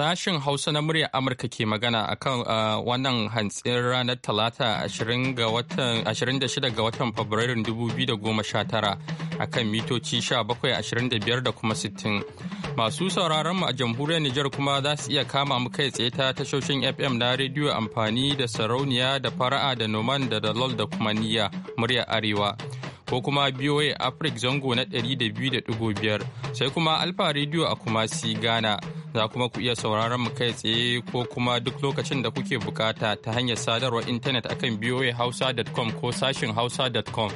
Sashen Hausa na murya Amurka ke magana a kan wannan hantsin ranar Talata 26 ga watan Fabrairun 2019 a kan mitoci 1725 da kuma 60. Masu sauraron mu a jamhuriyar Nijar kuma za su iya kama mu kai tsaye ta tashoshin FM na rediyo amfani da sarauniya da fara'a da noman da dalol da kuma niyya murya Arewa. ko kuma BOA Africa zango na 200.5 sai kuma Alfa Radio a kuma si Ghana. Za kuma ku iya sauraron mu kai tsaye ko kuma duk lokacin da kuke bukata ta hanyar sadarwar intanet akan boahausa.com ko sashin hausa.com.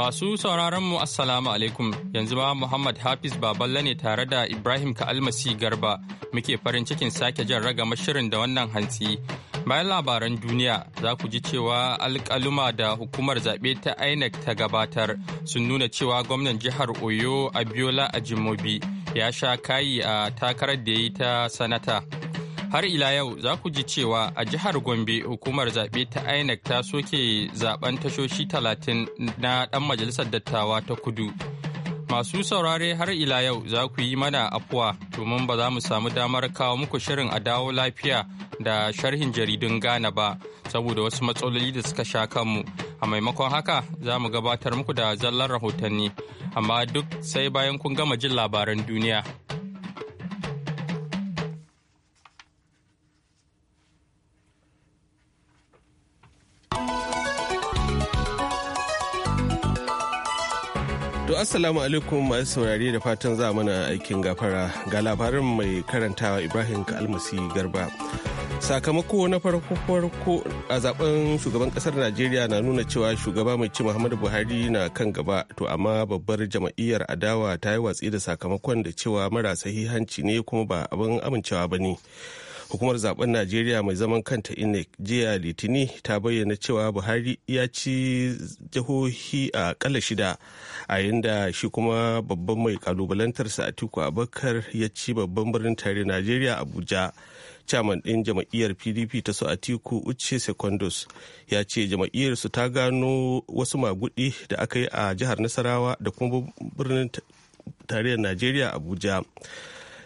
Masu sauraronmu Assalamu alaikum yanzu ma Muhammad Hafiz Baballe ne tare da Ibrahim Ka'almasi Garba muke farin cikin sake jan ragama shirin da wannan hantsi. Bayan labaran duniya za ku ji cewa alkaluma da hukumar zaɓe ta INEC ta gabatar sun nuna cewa gwamnan jihar Oyo Abiola Ajimobi ya sha kayi a takarar da ya yi ta sanata. har ila yau za ku ji cewa a jihar gombe hukumar zaɓe ta inec ta soke zaben tashoshi talatin na ɗan majalisar dattawa ta kudu masu saurare har ila yau za ku yi mana afuwa domin ba za mu samu damar kawo muku shirin a dawo lafiya da sharhin jaridun ghana ba saboda wasu matsaloli da suka sha kanmu a maimakon haka za mu gabatar muku da zallar rahotanni amma duk sai bayan kun gama jin labaran duniya. To assalamu alaikum masu saurare da fatan za mana aikin gafara ga labarin mai karantawa Ibrahim Kalmasi Garba. Sakamako na farko farko a zaben shugaban kasar Najeriya na nuna cewa shugaba mai ci Muhammadu Buhari na kan gaba to amma babbar jama'iyyar adawa ta yi watsi da sakamakon da cewa mara sahihanci ne kuma ba abin amincewa ba ne. hukumar zaben najeriya mai zaman kanta inec jiya litini ta bayyana cewa buhari ya ci jihohi a kala shida a yadda shi kuma babban mai kalubalantarsa atiku abakar ya ci babban birnin tare najeriya abuja chairman ɗin jama'iyyar pdp ta su atiku uche secondos ya ce jam'iyyar su ta gano wasu magudi da aka yi a jihar nasarawa da kuma birnin tarayyar najeriya abuja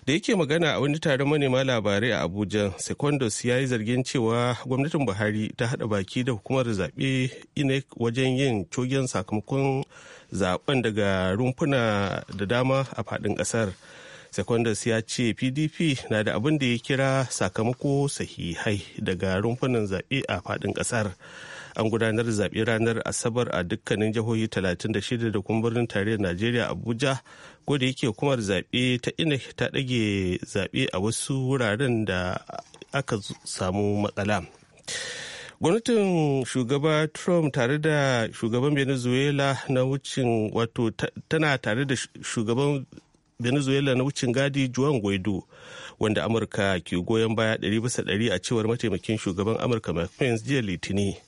da yake magana a wani taron manema labarai a abuja secondos ya yi zargin cewa gwamnatin buhari ta haɗa baki da hukumar zaɓe inec wajen yin cogen sakamakon zaben daga rumfuna da dama a faɗin ƙasar secondos ya ce pdp na da abin da ya kira sakamako sahihai daga rumfunan zaɓe a faɗin ƙasar. an gudanar da zaɓe ranar asabar a dukkanin jihohi 36 da kuma birnin tarayyar najeriya abuja ko yake hukumar zaɓe ta ina ta ɗage zaɓe a wasu wuraren da aka samu matsala gwamnatin shugaba trump tare da shugaban venezuela na wucin wato tana tare da shugaban venezuela na wucin gadi juan guaido wanda amurka ke goyon baya 100 a cewar mataimakin shugaban amurka mike pence jiya litini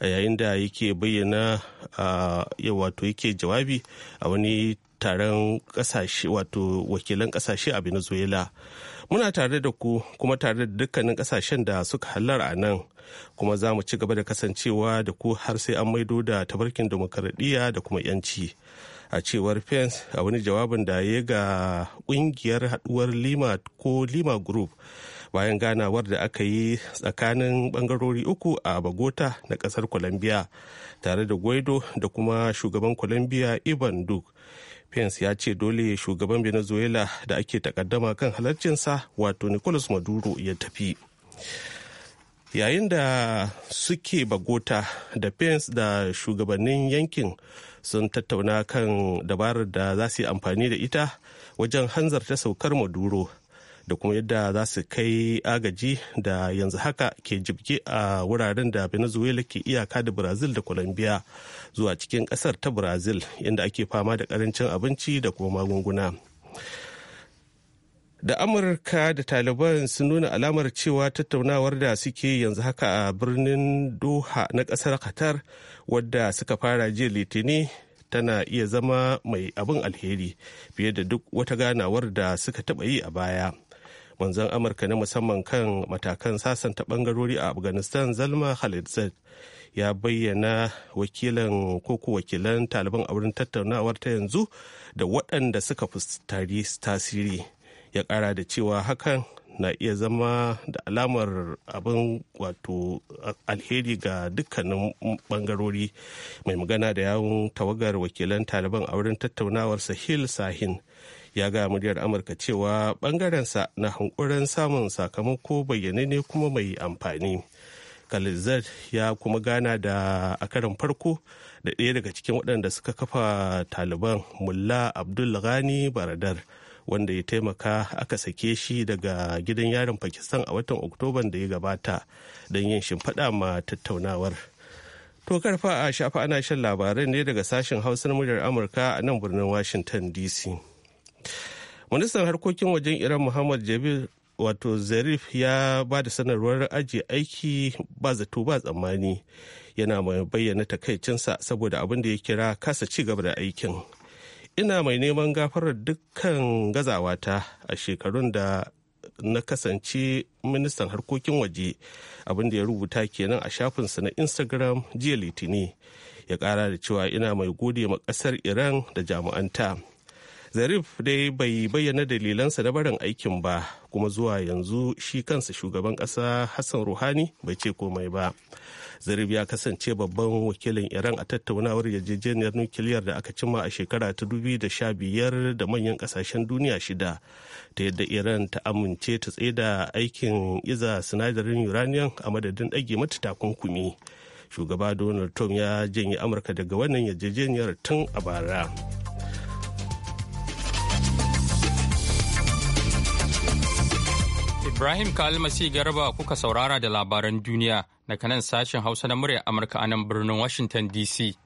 a yayin da yake bayyana a wato yake jawabi a wani taron kasashe wato wakilan kasashe a venezuela muna tare da ku kuma tare da dukkanin kasashen da suka halar a nan kuma za mu ci gaba da kasancewa da ku har sai an maido da tabarkin demokaradiyya da kuma 'yanci a cewar pence a wani jawabin da ya ga kungiyar haduwar lima ko lima group bayan ganawar da aka yi tsakanin bangarori uku a bagota na kasar colombia tare da guaido da kuma shugaban colombia ivan duke pence ya ce dole shugaban venezuela da ake takaddama kan halarcinsa wato nicolas maduro ya tafi yayin da suke bagota da pence da shugabannin yankin sun tattauna kan dabarar da za su yi amfani da ita wajen hanzarta saukar maduro da kuma yadda za su kai agaji da yanzu haka ke jibge a wuraren da venezuela ke iyaka da brazil da colombia zuwa cikin kasar ta brazil inda ake fama da karancin abinci da kuma magunguna da amurka da taliban sun nuna alamar cewa tattaunawar da suke yanzu haka a birnin doha na kasar qatar wadda suka fara jiya litini tana iya zama mai abin alheri fiye da duk wata ganawar da suka taɓa yi a baya manzon amurka na musamman kan matakan sasanta bangarori a afghanistan zalma khalilzad ya bayyana wakilan koko wakilan taliban a wurin tattaunawar ta yanzu da waɗanda suka fustari tasiri ya ƙara da cewa hakan na iya zama da alamar abin wato alheri ga dukkanin bangarori mai magana da yawun tawagar wakilan taliban a wurin tattaunawar sahil sahin ya ga muryar amurka cewa bangarensa na hankurin samun sakamako bayyane ne kuma mai amfani kalizat ya kuma gana da a karin farko da ɗaya daga cikin waɗanda suka kafa taliban mulla abdul ghani baradar wanda ya taimaka aka sake shi daga gidan yarin pakistan a watan oktoban da ya gabata don yin shimfiɗa ma tattaunawar to karfa a shafa ana shan labarai ne daga sashen hausar muryar amurka a nan birnin washington dc ministan harkokin wajen iran muhammad jabir wato zarif ya ba da sanarwar ajiye aiki ba zato ba tsammani yana mai bayyana takaicinsa saboda abin da ya kira kasa ci gaba da aikin ina mai neman gafarar dukkan gazawata a shekarun da na kasance ministan harkokin waje abin da ya rubuta kenan a shafinsa na instagram jiya litini ya kara da cewa ina mai gode ma kasar iran da jami'anta zarif dai bai bayyana dalilansa na barin aikin ba kuma zuwa yanzu shi kansa shugaban ƙasa hassan ruhani bai ce komai ba zarif ya kasance babban wakilin iran a tattaunawar yarjejeniyar nukiliyar da aka cimma a shekara ta dubi da sha biyar da manyan kasashen duniya shida ta yadda iran ta amince ta da aikin iza sinadarin uranium a madadin ɗage mata takunkumi shugaba donald trump ya janye amurka daga wannan yarjejeniyar tun a bara Ibrahim Kalmasi Garba kuka saurara da labaran duniya daga nan sashen Hausa na murya Amurka a nan birnin Washington DC.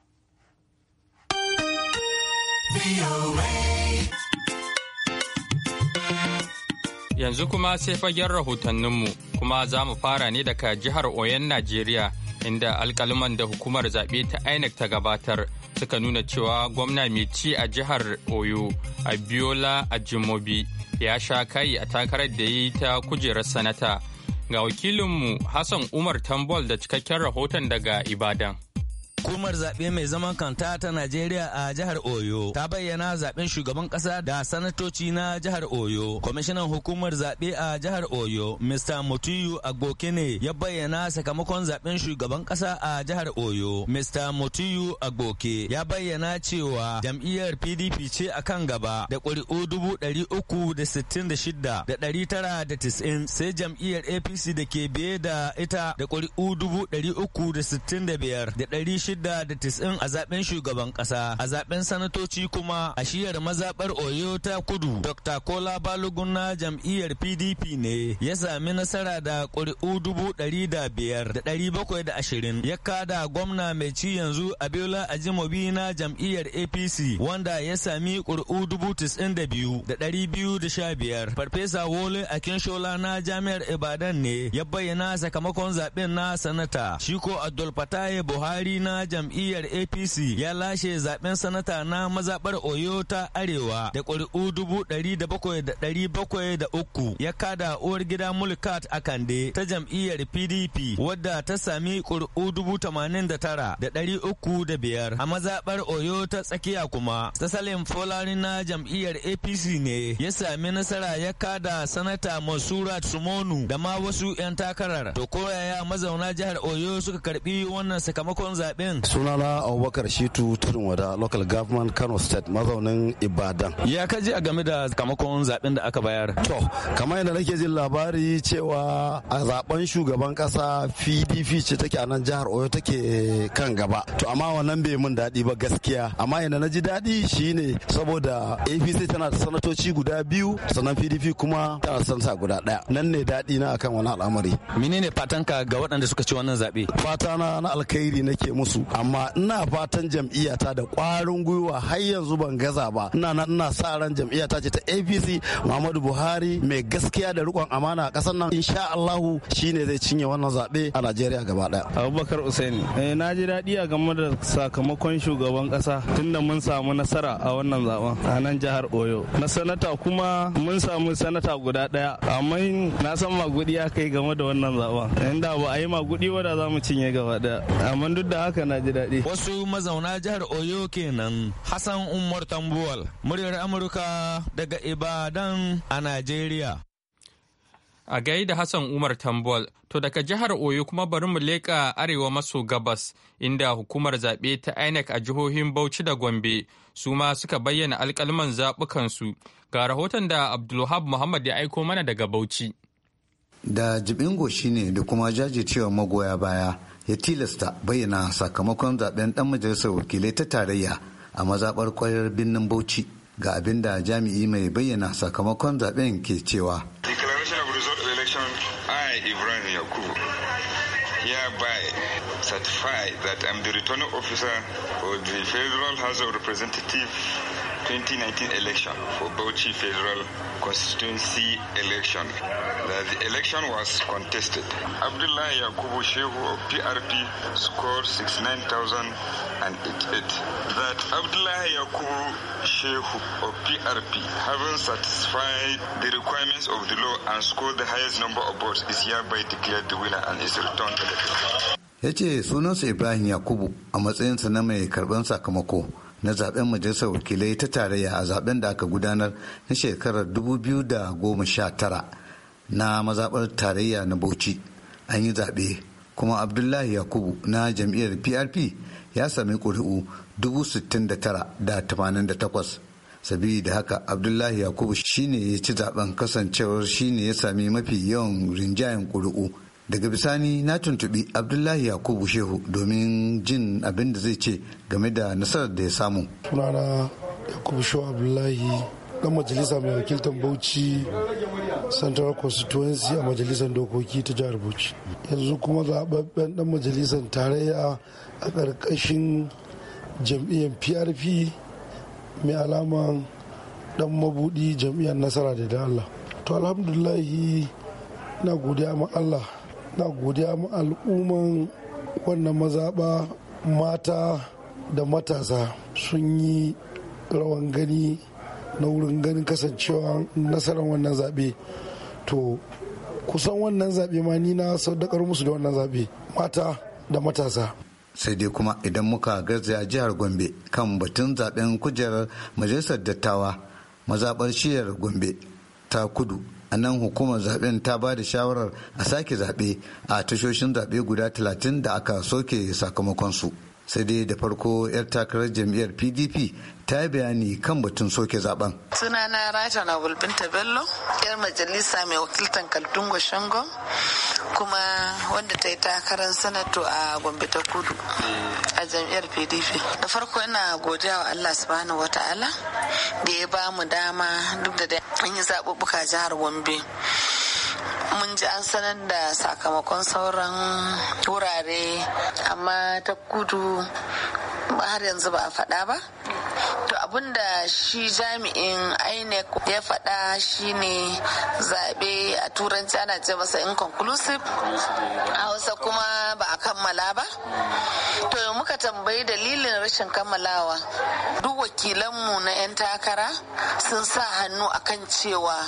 Yanzu kuma sai fagen rahotanninmu kuma za mu fara ne daga jihar Oyon Najeriya inda alkaliman da hukumar zaɓe ta INEC ta gabatar suka nuna cewa gwamna mai ci a jihar Oyo Abiola Ajimobi ya sha kai a takarar da ya yi ta kujerar sanata. Ga wakilinmu Hassan Umar Tambol da cikakken rahoton daga Ibadan. Hukumar zaɓe mai zaman kanta ta Najeriya a jihar Oyo ta bayyana zaɓen shugaban ƙasa da sanatoci na jihar Oyo. Kwamishinan hukumar zaɓe a jihar Oyo, Mr. Mutuyu Agbokene ya bayyana sakamakon zaɓen shugaban ƙasa a jihar Oyo. Mr. Mutuyu Agboke ya bayyana cewa jam'iyyar PDP ce a kan gaba da ƙuri'u dubu ɗari uku da sittin da shida da ɗari tara da tis'in sai jam'iyyar APC da ke biye da ita da ƙuri'u dubu ɗari uku da sittin da biyar da ɗari shida da tis'in a zaben shugaban kasa a zaben sanatoci kuma a shiyar mazabar oyo ta kudu dr kola balogun na jam'iyyar pdp ne ya sami nasara da ƙuri'u dubu ɗari da biyar da ɗari bakwai da ashirin ya kada gwamna mai ci yanzu abiola ajimobi na jam'iyyar apc wanda ya sami ƙuri'u dubu tis'in da biyu da ɗari biyu da sha biyar farfesa wole akinshola na jami'ar ibadan ne ya bayyana sakamakon zaben na sanata shiko abdulfatai buhari na na jam'iyyar APC ya lashe zaben sanata na mazabar Oyo ta Arewa da ƙuri'u dubu ɗari da bakwai da ɗari bakwai da uku ya kada uwar gida Mulkat kande. ta jam'iyyar PDP wadda ta sami ƙuri'u dubu tamanin da tara da ɗari uku da biyar a mazabar Oyo ta tsakiya kuma ta Salim Folari na jam'iyyar APC ne ya sami nasara ya kada sanata masura Sumonu da ma wasu 'yan takarar to koyaya mazauna jihar Oyo suka karbi wannan sakamakon zaben matsayin? Sunana Abubakar Shitu Tudun Wada Local Government Kano State mazaunin Ibadan. Ya kaji a game da kamakon zaben da aka bayar? To, kamar yadda nake jin labari cewa a zaben shugaban kasa PDP ce take a nan jihar Oyo take kan gaba. To amma wannan bai mun daɗi ba gaskiya. Amma yadda na ji daɗi shine saboda APC tana da sanatoci guda biyu sannan PDP kuma tana da sanata guda ɗaya. Nan ne daɗi na akan wani al'amari. Menene fatanka ga waɗanda suka ci wannan zaɓe? Fata na na alkhairi nake musu su amma ina fatan jam'iyyata da kwarin gwiwa har yanzu ban gaza ba ina nan ina sa ran jam'iyyata ce ta APC Muhammadu Buhari mai gaskiya da rikon amana a kasar nan insha Allah shine zai cinye wannan zabe a Najeriya gaba daya Abubakar Usaini eh na ji daɗi a game da sakamakon shugaban kasa tunda mun samu nasara a wannan zaben a nan jihar Oyo na sanata kuma mun samu sanata guda daya amma na san magudi ya kai game da wannan zaben inda ba a yi magudi ba da za mu cinye gaba daya amma duk da haka na ji daɗi. Wasu mazauna jihar Oyo kenan Hassan Umar Tambuwal muryar Amurka daga Ibadan a Najeriya. A gaida Hassan Umar Tambuwal, to daga jihar Oyo kuma bari mu leƙa arewa maso gabas inda hukumar zaɓe ta INEC a jihohin Bauchi da Gombe su ma suka bayyana alƙalman zaɓukansu. Ga rahoton da Abdulhab Muhammad ya aiko mana daga Bauchi. Da jibingo shine da kuma jajircewa magoya baya ya tilasta bayyana sakamakon zaben dan majalisar wakilai ta tarayya a mazabar kwayar birnin bauchi ga abin da jami'i mai bayyana sakamakon zaben ke cewa Ibrahim Yakubu certify that I'm the returning officer for the Federal House of Representatives 2019 election for Bauchi Federal Constituency election. The, the election was contested. Abdullah Yakubu Shehu of PRP scored 69,088. That Abdullah Yakubu Shehu of PRP, having satisfied the requirements of the law and scored the highest number of votes, is hereby declared the winner and is returned elected. ya ce sunansa ibrahim yakubu a matsayinsa na mai karban sakamako na zaben majalisar wakilai ta tarayya a zaben da aka gudanar na shekarar 2019 na mazaɓar tarayya na bauchi an yi zaɓe kuma abdullahi yakubu na jam'iyyar prp ya sami ƙuri'u 69,88 sabida haka abdullahi yakubu shine ya ci zaben kasancewar shine ya sami mafi yawan rinjayen ƙuri'u daga bisani na tuntubi abdullahi yakubu shehu domin jin abin da zai ce game da nasarar da ya samu sunana yakubu shehu abdullahi dan majalisa mai wakiltar bauchi central constituency a majalisar dokoki ta jihar bauchi yanzu kuma zaɓaɓɓen dan majalisar tarayya a ƙarƙashin jam'iyyar prp mai alama dan mabuɗi jam'iyyar nasara da da allah to alhamdulahi na godiya ma allah na godiya ma al'umman wannan mazaɓa mata da matasa sun yi rawan gani na wurin ganin kasancewa nasarar wannan zaɓe to kusan wannan zaɓe ma ni na saudakar musu da wannan zaɓe mata da matasa sai dai kuma idan muka garzaya jihar gombe kan batun zaɓen kujerar majalisar dattawa mazaɓar shiyar gombe ta kudu a nan hukumar zaɓen ta ba da shawarar a sake zaɓe a tashoshin zaɓe guda 30 da aka soke su. sai dai da farko 'yar takarar jam'iyyar pdp ta yi bayani kan batun soke zaben. sunana raja na gulbinta bello yar majalisa mai wakiltan kaltungo Shango, kuma wanda ta yi takarar sanato a gombe ta kudu a jam'iyyar pdp da farko ina godiya wa allah subhanahu ta'ala da ya ba mu dama duk da an yi zaɓuɓɓuka jihar gombe mun ji an sanar da sakamakon sauran wurare amma ta kudu har yanzu ba a faɗa ba to abinda shi jami'in inec ya faɗa shine zaɓe a turanci ana ce masa inconclusive a hausa kuma ba a kammala ba to muka tambayi dalilin rashin kammalawa duk wakilanmu na 'yan takara sun sa hannu akan cewa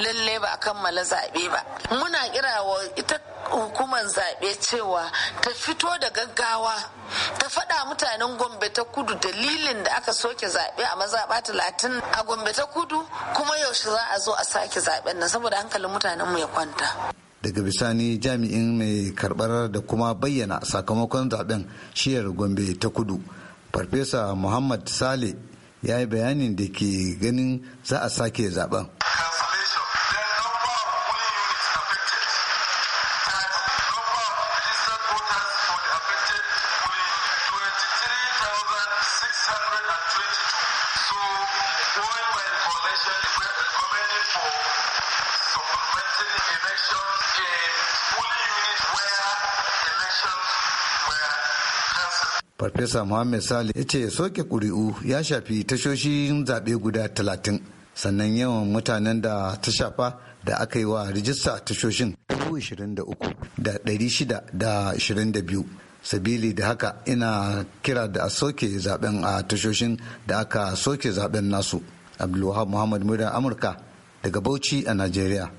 lalle ba a kammala zaɓe ba muna kira wa ita hukumar zaɓe cewa ta fito da gaggawa ta faɗa mutanen gombe ta kudu dalilin da aka soke zaɓe a mazaɓa talatin a gombe ta kudu kuma yaushe za a zo a sake zaɓen nan saboda hankalin mutanen mu ya kwanta daga bisani jami'in mai karɓar da kuma bayyana sakamakon zaɓen shiyar gombe ta kudu farfesa muhammad sale ya yi bayanin da ke ganin za a sake zaɓen farfesa muhammed sale ya ce soke ƙuri'u ya shafi tashoshin zaɓe guda talatin sannan yawan mutanen da ta shafa da aka yi wa rijista tashoshin biyu sabili da haka ina kira da a soke zaben a tashoshin da aka soke zaben nasu abdulwahab muhammad muryar amurka daga bauchi a nigeria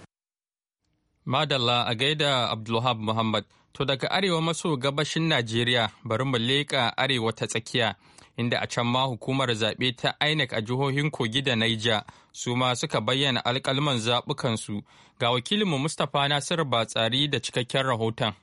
madalla a gaida abdulwahab muhammad To daga arewa maso gabashin Najeriya bari mu leƙa arewa ta tsakiya inda a can ma hukumar zaɓe ta INEC a jihohin Kogi da Naija su ma suka bayyana alƙalman zaɓukansu ga wakilinmu Mustapha Nasir Batsari da cikakken rahoton.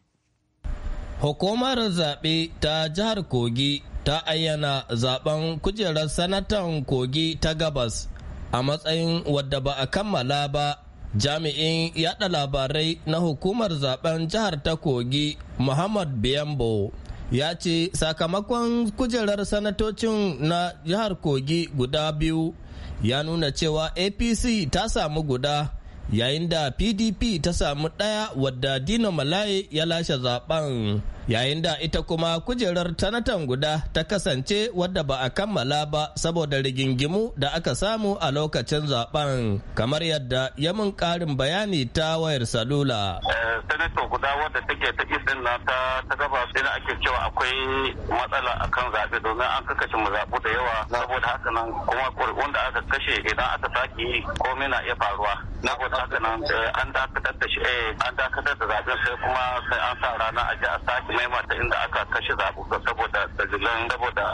Hukumar zaɓe ta jihar Kogi ta ayyana zaɓen kujerar sanatan Kogi ta gabas a matsayin wadda ba a kammala ba jami'in yada labarai na hukumar zaben jihar ta kogi muhammad biyambo ya ce sakamakon kujerar sanatocin na jihar kogi guda biyu ya nuna cewa apc ta samu guda yayin da pdp ta samu ɗaya wadda dina malaye ya lashe zaben yayin da ita kuma kujerar tanatan guda ta kasance wadda ba a kammala ba saboda rigingimu da aka samu a lokacin zaben kamar yadda ya mun karin bayani ta wayar salula. Tanatan eh, guda wadda take ta isin na ta ta gaba sai ake cewa akwai matsala akan zaɓe domin an kakashe mu zaɓu da yawa saboda haka nan kuma kuri'un da aka kashe idan aka saki komai na iya faruwa saboda haka nan eh, an dakatar da shi eh, an dakatar da zaɓen sai kuma sai an sa rana a ji a saki. maimaita inda aka kashe zaɓuɓɓuka saboda dalilan saboda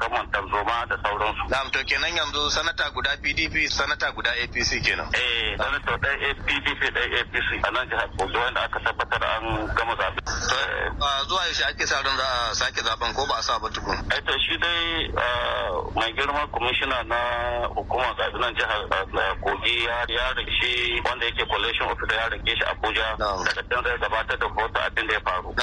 kamar tanzoma da sauransu. Na'am to kenan yanzu sanata guda PDP sanata guda APC kenan. Eh sanata ɗaya PDP ɗaya APC a nan jihar Bauchi wanda aka tabbatar an gama zaɓe. zuwa yaushe ake sa ran za a sake zaben ko ba a sa ba tukun. Ai eh, to shi dai mai girma kwamishina na hukumar zaɓe nan jihar Kogi ya shi wanda yake collation officer ya rike shi Abuja daga can zai gabatar da rahoton abin da ya faru.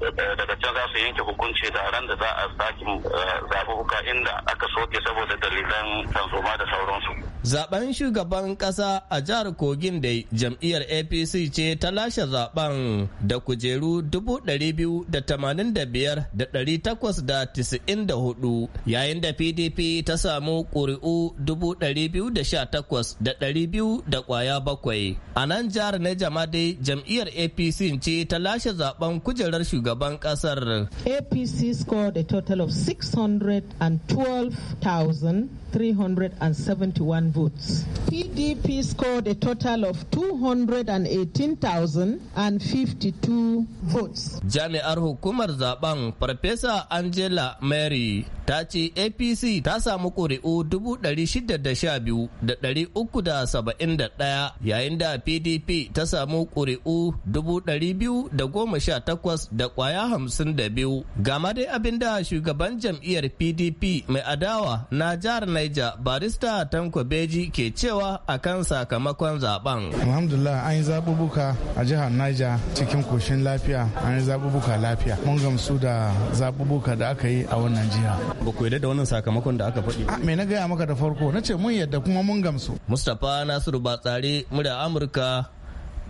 daga can za su yanke hukunci da ran da za a sake eh, zaɓuɓɓuka inda aka soke saboda dalilan tanzoma da sauransu. Zaben shugaban kasa a jihar Kogin da jam'iyyar APC ce ta lashe zaben da kujeru 285,894 yayin da PDP ta samu ƙuri'u 218,200 da ƙwaya bakwai. A nan jihar na dai jam'iyyar APC ce ta lashe zaben kujerar shugaban kasar. APC scored a total of 612,000 371 votes. PDP scored a total of 218,052 votes. Jami'ar hukumar zaben Farfesa Angela Mary ta ce apc ta samu ƙuri'u 612,371 yayin da pdp ta samu ƙuri'u 218,000 da ƙwaya 52 gama dai abin da shugaban jam'iyyar pdp mai adawa na jihar Niger barista tanko beji ke cewa akan sakamakon zaben alhamdulillah an yi zaɓuɓɓuka a jihar Niger cikin koshin lafiya an yi zaɓuɓɓuka lafiya mun gamsu da zaɓuɓɓuka da aka yi a wannan jiha ba ku yadda da wannan sakamakon da aka faɗi ah, me na gaya maka da farko na ce mun yadda kuma mun gamsu mustapha nasiru batsari murya amurka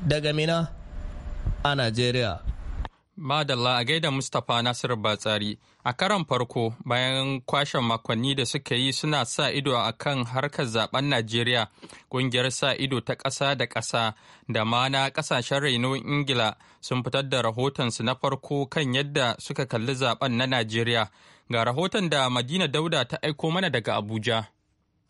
daga mina a najeriya madalla a gaida mustapha nasiru batsari a karan farko bayan kwashe makonni da suka yi suna sa ido a kan harkar zaben najeriya kungiyar sa ido ta ƙasa da ƙasa da ma na ƙasashen rainon ingila sun fitar da rahotonsu na farko kan yadda suka kalli zaben na najeriya Ga rahoton da Madina Dauda ta aiko mana daga Abuja.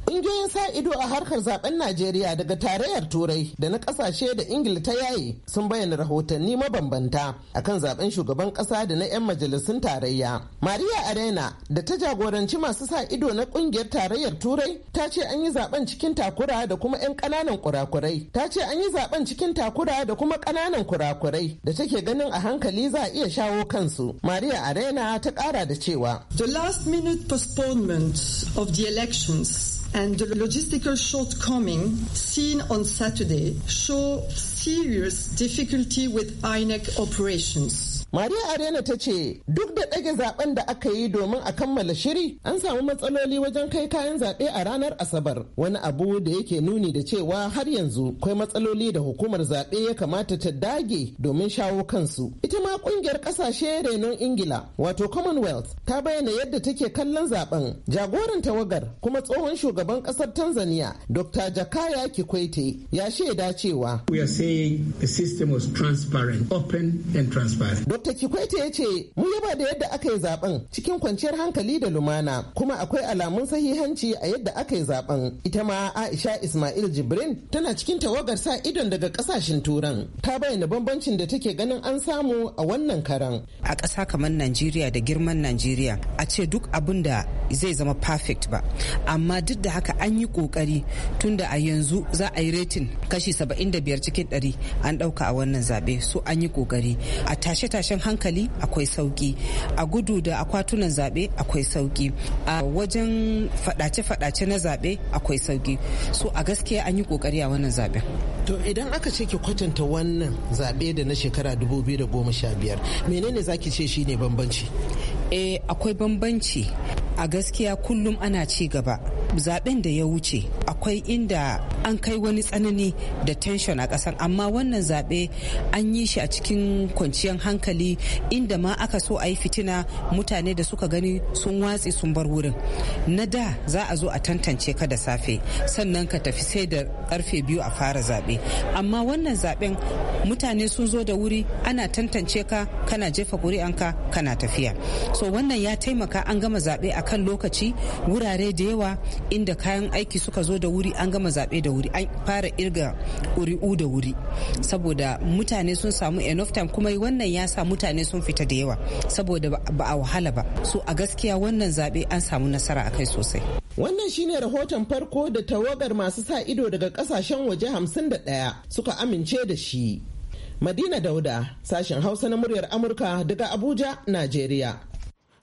Ƙungiyoyin sa ido a harkar zaben Najeriya daga tarayyar Turai da na ƙasashe da Ingila ta yaye sun bayyana rahotanni mabambanta akan zaben shugaban ƙasa da na 'yan majalisun tarayya. Maria Arena da ta jagoranci masu sa ido na ƙungiyar tarayyar Turai ta ce an yi zaben cikin takura da kuma 'yan ƙananan kurakurai. Ta ce an yi zaben cikin takura da kuma ƙananan kurakurai da take ganin a hankali za a iya shawo kansu. Maria Arena ta ƙara da cewa. The last minute postponement of the elections and the logistical shortcoming seen on Saturday show serious difficulty with INEC operations. Maria Arena ta ce duk da ɗage zaben da aka yi domin a kammala shiri an samu matsaloli wajen kai kayan zaɓe a ranar Asabar wani abu da yake nuni da cewa har yanzu akwai matsaloli da hukumar zaɓe ya kamata ta dage domin shawo kansu. Ita ma ƙungiyar ƙasashe renon Ingila wato Commonwealth ta bayyana yadda take kallon zaben jagoran tawagar kuma tsohon shugaban ƙasar Tanzania Dr. Jakaya Kikwete ya shaida cewa. We are saying a system was transparent, open and Dr. Kikwete ya ce mu yaba da yadda aka yi zaben cikin kwanciyar hankali da lumana kuma akwai alamun sahihanci a yadda aka yi zaben. Ita ma Aisha Ismail Jibrin tana cikin tawagar sa idon daga kasashen turan. Ta bayyana bambancin da take ganin an samu a wannan karan. A ƙasa kamar Najeriya da girman Najeriya a ce duk abin da zai zama perfect ba. Amma duk da haka an yi ƙoƙari tunda a yanzu za a yi retin kashi 75 cikin 100 an ɗauka a wannan zaɓe so an yi ƙoƙari. A tashe-tashe tashin hankali akwai sauki a gudu da akwatunan zaɓe akwai sauki a wajen faɗace-faɗace na zaɓe akwai sauki so a gaskiya an yi ƙoƙari a wannan zaɓen to idan aka ce ki kwatanta wannan zaɓe da na shekara 2015 menene zaki ce shine bambanci eh akwai bambanci a gaskiya kullum ana ci gaba zaben da ya wuce akwai inda an kai wani tsanani da tension a kasar amma wannan zaɓe an yi shi a cikin kwanciyar hankali inda ma aka so a yi fitina mutane da suka gani sun watse sun bar wurin na da za a zo a tantance ka da safe sannan ka tafi sai da karfe biyu a fara zaɓe amma wannan zaɓen mutane sun zo da wuri ana tantance ka kana jefa ƙuri'anka kana tafiya so wannan ya taimaka an gama zaɓe a kan lokaci wurare da yawa inda kayan aiki suka zo da wuri an gama zaɓe da wuri an fara irga ƙuri'u da wuri saboda mutane sun samu enough time kuma wannan ya sa mutane sun fita da yawa saboda ba a wahala ba so a gaskiya wannan zaɓe an samu nasara a kai sosai wannan shine rahoton farko da tawagar masu sa ido daga kasashen waje hamsin da 51 suka amince da shi madina dauda sashen hausa na muryar amurka daga abuja najeriya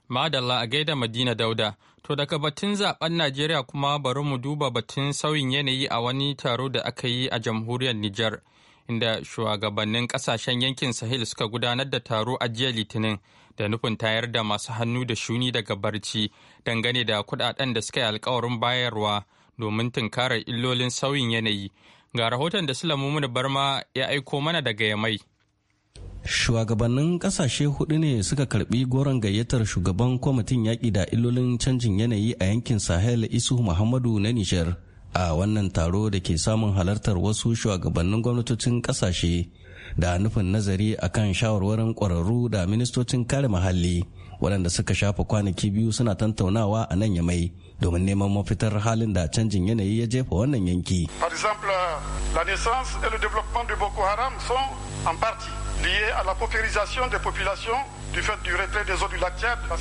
Madalla a gaida Madina Dauda. To daga batun zaben Najeriya kuma bari mu duba batun sauyin yanayi a wani taro da aka yi a jamhuriyar Nijar, inda shugabannin kasashen yankin Sahel suka gudanar da taro a jiya Litinin da nufin tayar da masu hannu da shuni daga barci dangane da kudaden da suka yi alkawarin bayarwa domin tunkarar illolin sauyin yanayi. Ga rahoton da Sulamu Barma ya aiko mana daga Yamai. shugabannin kasashe hudu ne suka karbi goron gayyatar shugaban kwamitin yaƙi da illolin canjin yanayi a yankin sahel isu muhammadu na nijar a wannan taro da ke samun halartar wasu shugabannin gwamnatocin kasashe da nufin nazari akan shawarwarin ƙwararru da ministocin kare muhalli waɗanda suka shafa kwanaki biyu suna tantaunawa a nan yamai domin neman mafitar halin da canjin yanayi ya jefa wannan yanki. Par exemple, la le développement de Boko Haram sont en partie liés à la paupérisation des populations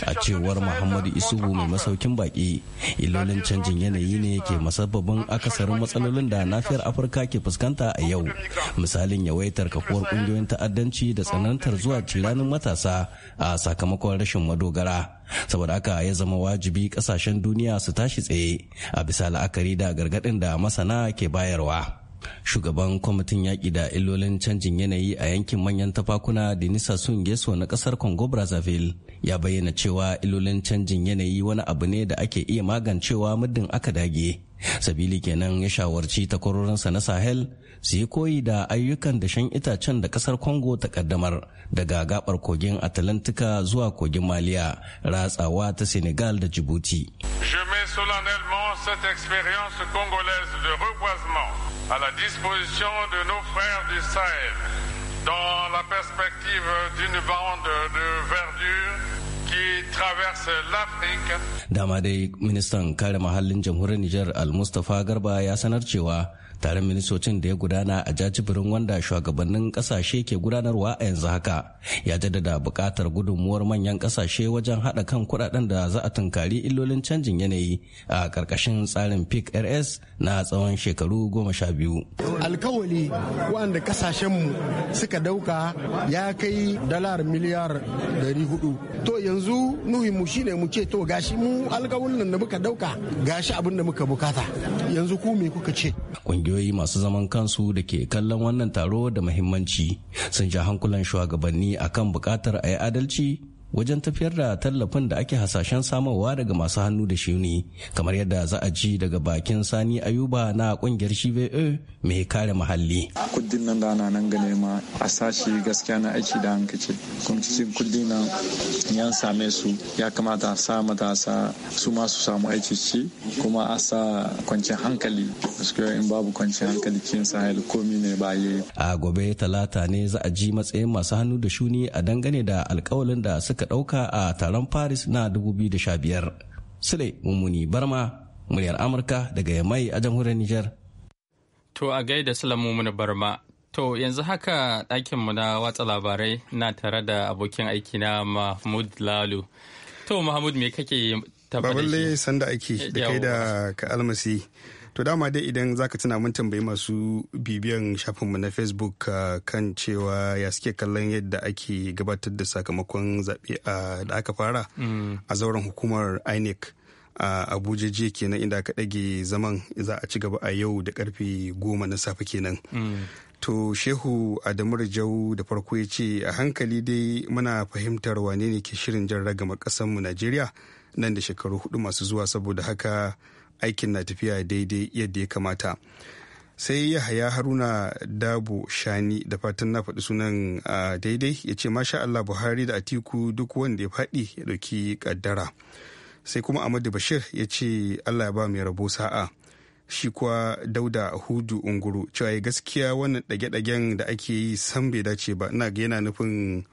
A cewar Muhammadu Isubu mai masaukin baki, ilolin canjin yanayi ne ke masababin akasarin matsalolin da nafiyar Afirka ke fuskanta a yau. Misalin yawaitar kakuwar ƙungiyoyin ta'addanci da tsanantar zuwa cilanin matasa a sakamakon rashin madogara. saboda haka ya zama wajibi kasashen duniya su tashi tsaye a bisa la'akari da gargaɗin da masana ke bayarwa shugaban kwamitin yaƙi da illolin canjin yanayi a yankin manyan tafakuna denisa sun geso na ƙasar congo brazzaville ya bayyana cewa illolin canjin yanayi wani abu ne da ake iya magancewa muddin aka dage sabili kenan ya shawarci takwarorinsa na sahel su yi koyi da ayyukan dashen itacen da kasar congo ta kaddamar daga gabar kogin atlantika zuwa kogin maliya ratsawa ta senegal da djibouti je mets solennellement cette expérience de reboisement à la disposition de nos frères du sahel dans la perspective d'une bande de verdure Dama dai ministan kare muhallin jamhuriyar Nijar Al-Mustapha Garba ya sanar cewa taron ministocin da ya gudana a jajibirin wanda shugabannin kasashe ke gudanarwa a yanzu haka ya jaddada bukatar gudunmuwar manyan kasashe wajen haɗa kan kuɗaɗen da za a tunkari illolin canjin yanayi a karkashin tsarin pic rs na tsawon shekaru goma sha biyu alkawali waɗanda kasashenmu suka dauka ya kai dalar miliyar hudu to yanzu nuhinmu shine mu ce to gashi mu alkawalin da muka dauka gashi abin da muka bukata yanzu ku me kuka ce ƙungiyoyi masu zaman kansu da ke kallon wannan taro da muhimmanci sun ja hankulan shugabanni akan buƙatar a yi adalci wajen tafiyar da tallafin da ake hasashen samarwa daga masu hannu da shuni kamar yadda za a ji daga bakin sani ayuba na kungiyar shiva mai kare muhalli kudin nan da ana nan gane ma a sashi gaskiya na aiki da hankaci kuma cikin kudin nan yan same su ya kamata a sa matasa su ma su samu aiki ci kuma a sa kwanciyar hankali in babu kwanciyar hankali sa hali komi ne ba a gobe talata ne za a ji matsayin masu hannu da shuni a dangane da alkawalin da suka suka ɗauka a taron Paris na 2015. Sule Mummuni Barma, muryar Amurka daga Yamai a jamhuriyar Nijar. To a gaida Sule Mummuni Barma. To yanzu haka ɗakinmu na watsa labarai na tare da abokin aiki na Mahmud Lalu. To Mahmud me kake tabbatar? Baballe sanda ake da kai da ka almasi. to dama dai idan zaka tuna mun tambayi masu bibiyan shafinmu na facebook uh, kan cewa ya suke kallon yadda ake gabatar da sakamakon zaɓe uh, da aka fara mm. a zauren hukumar inec a uh, abuja jiya kenan inda aka ɗage zaman za a ci gaba a yau da karfe goma na safe kenan mm. to shehu adamu rijau da farko ya ce a hankali dai muna fahimtar wane ne ke shirin jan ragama mu najeriya nan da shekaru hudu masu zuwa saboda haka aikin na tafiya daidai yadda ya kamata sai yahaya haruna dabo shani da fatan na faɗi sunan daidai ya ce masha allah buhari da atiku duk wanda ya faɗi ya ɗauki ƙaddara sai kuma amadu bashir ya ce allah ya ba mai rabo sa'a shi kuwa dauda hudu unguru cewa ya eh, gaskiya wannan ɗage-ɗagen da ake yi san bai dace ba ina ga yana nufin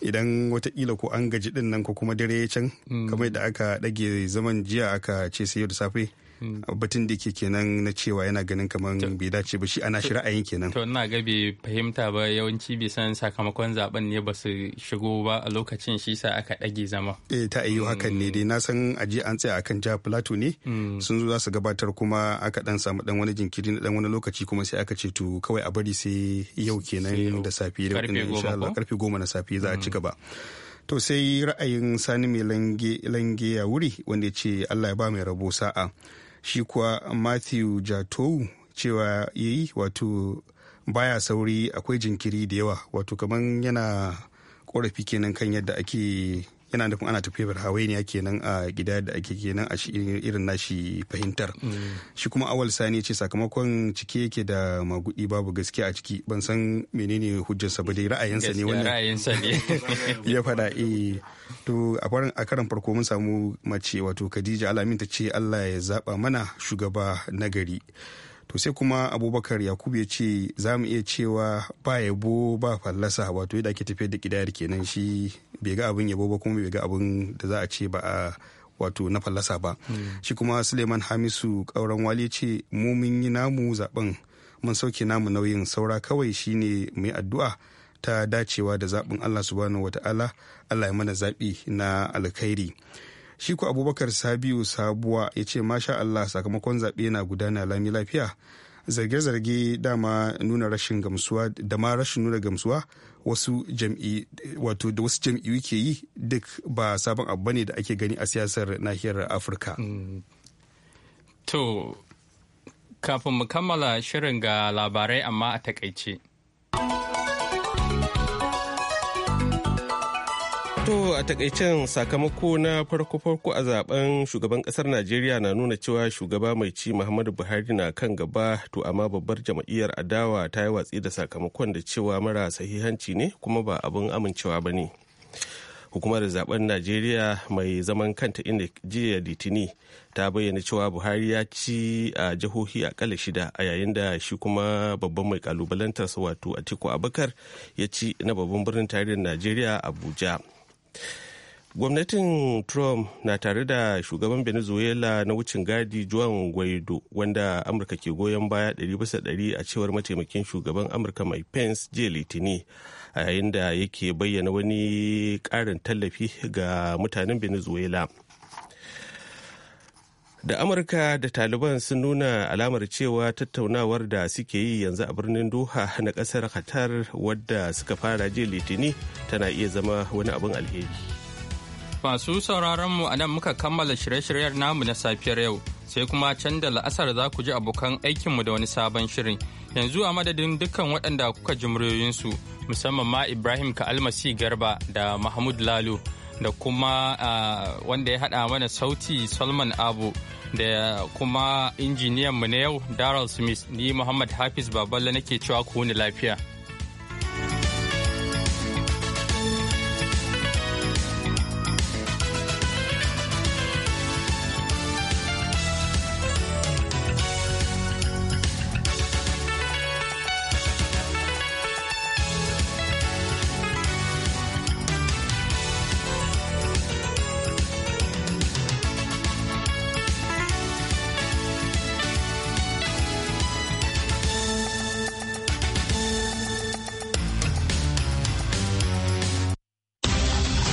idan watakila ko an gaji ɗin nan ko kuma dare ya can mm. kamar da aka ɗage zaman jiya aka ce sai yau da safe Mm. batun da ke kenan na cewa yana ganin kamar bai dace ba shi ana shi ra'ayin kenan to ina ga bai fahimta ba yawanci bai san sakamakon zaben ne ba su shigo ba a lokacin shi sa aka ɗage zama eh ta ayyu hakan ne mm. dai na san aje an tsaya akan jihar plateau ne mm. sun zo za su gabatar kuma aka dan samu dan wani jinkiri na dan wani lokaci kuma sai aka ce to kawai a bari sai yau kenan da safi da insha Allah karfe goma na safe za a ci gaba to sai ra'ayin sani mai lange ya wuri wanda ya ce allah ya ba mai rabo sa'a shi kuwa matthew jatou cewa ya yi wato baya sauri akwai jinkiri da yawa wato kamar yana korafi kenan kan yadda ake yana nufin ana ne hawainiya kenan a gida da ake kenan a irin nashi fahimtar mm. shi kuma awal sani ce sakamakon cike yake da magudi babu gaskiya a ciki ban san menene hujjarsa ba dai ra'ayinsa ne wannan ra'ayinsa ne ya fada eh to a karan farko mun samu mace wato Khadija Alamin ta ce Allah ya zaba mana shugaba nagari to sai kuma abubakar yakubu ya ce za mu iya cewa ba yabo ba fallasa wato yadda ake tafiyar da kidayar kenan shi bai ga abin yabo ba kuma bai ga abin da za a ce ba a wato na fallasa ba hmm. shi kuma suleiman hamisu kauran wali ce mu mun yi namu zaben mun sauke namu nauyin saura kawai shine mai addu'a ta dacewa da zaɓin allah subhanahu wataala allah ya mana zaɓi na alkhairi shi ku abubakar sabiu sabuwa ya ce masha allah sakamakon zaɓe na gudana lami lafiya zarge-zarge dama nuna rashin gamsuwa da ma rashin nuna gamsuwa wasu jam'i wato da wasu jam'iyyu ke yi duk ba sabon abu ne da ake gani a siyasar nahiyar afirka to kafin mu kammala shirin ga labarai amma a takaice To a takaicen sakamako na farko-farko a zaben shugaban kasar Najeriya na nuna cewa shugaba mai ci Muhammadu Buhari na kan gaba to amma babbar jam'iyyar adawa ta yi watsi da sakamakon da cewa mara sahihanci ne kuma ba abin amincewa ba ne. Hukumar zaben Najeriya mai zaman kanta inda jiya Litini ta bayyana cewa Buhari ya ci a jihohi akalla shida a yayin da shi kuma babban mai kalubalantarsa wato Atiku Abakar ya ci na babban birnin tarihin Najeriya Abuja. gwamnatin trump na tare da shugaban venezuela na wucin gadi juan guaido wanda amurka ke goyon baya 100% a cewar mataimakin shugaban amurka mai pence jiya litini a yayin da yake bayyana wani karin tallafi ga mutanen venezuela da amurka da taliban sun nuna alamar cewa tattaunawar da suke yi yanzu a birnin doha na kasar qatar wadda suka fara jiya litini tana iya zama wani abin alheri masu sauraron mu a nan muka kammala shirye-shiryen namu na safiyar yau sai kuma can da la'asar za ku ji abokan aikinmu da wani sabon shirin yanzu a madadin dukkan waɗanda kuka ji muryoyinsu musamman ma ibrahim ka almasi garba da mahmud lalo da kuma ah, wanda ya haɗa mana sauti solomon Abu da kuma injiniyan mu na yau Daryl Smith ni Muhammad Hafiz Baballe nake cewa ku wuni lafiya.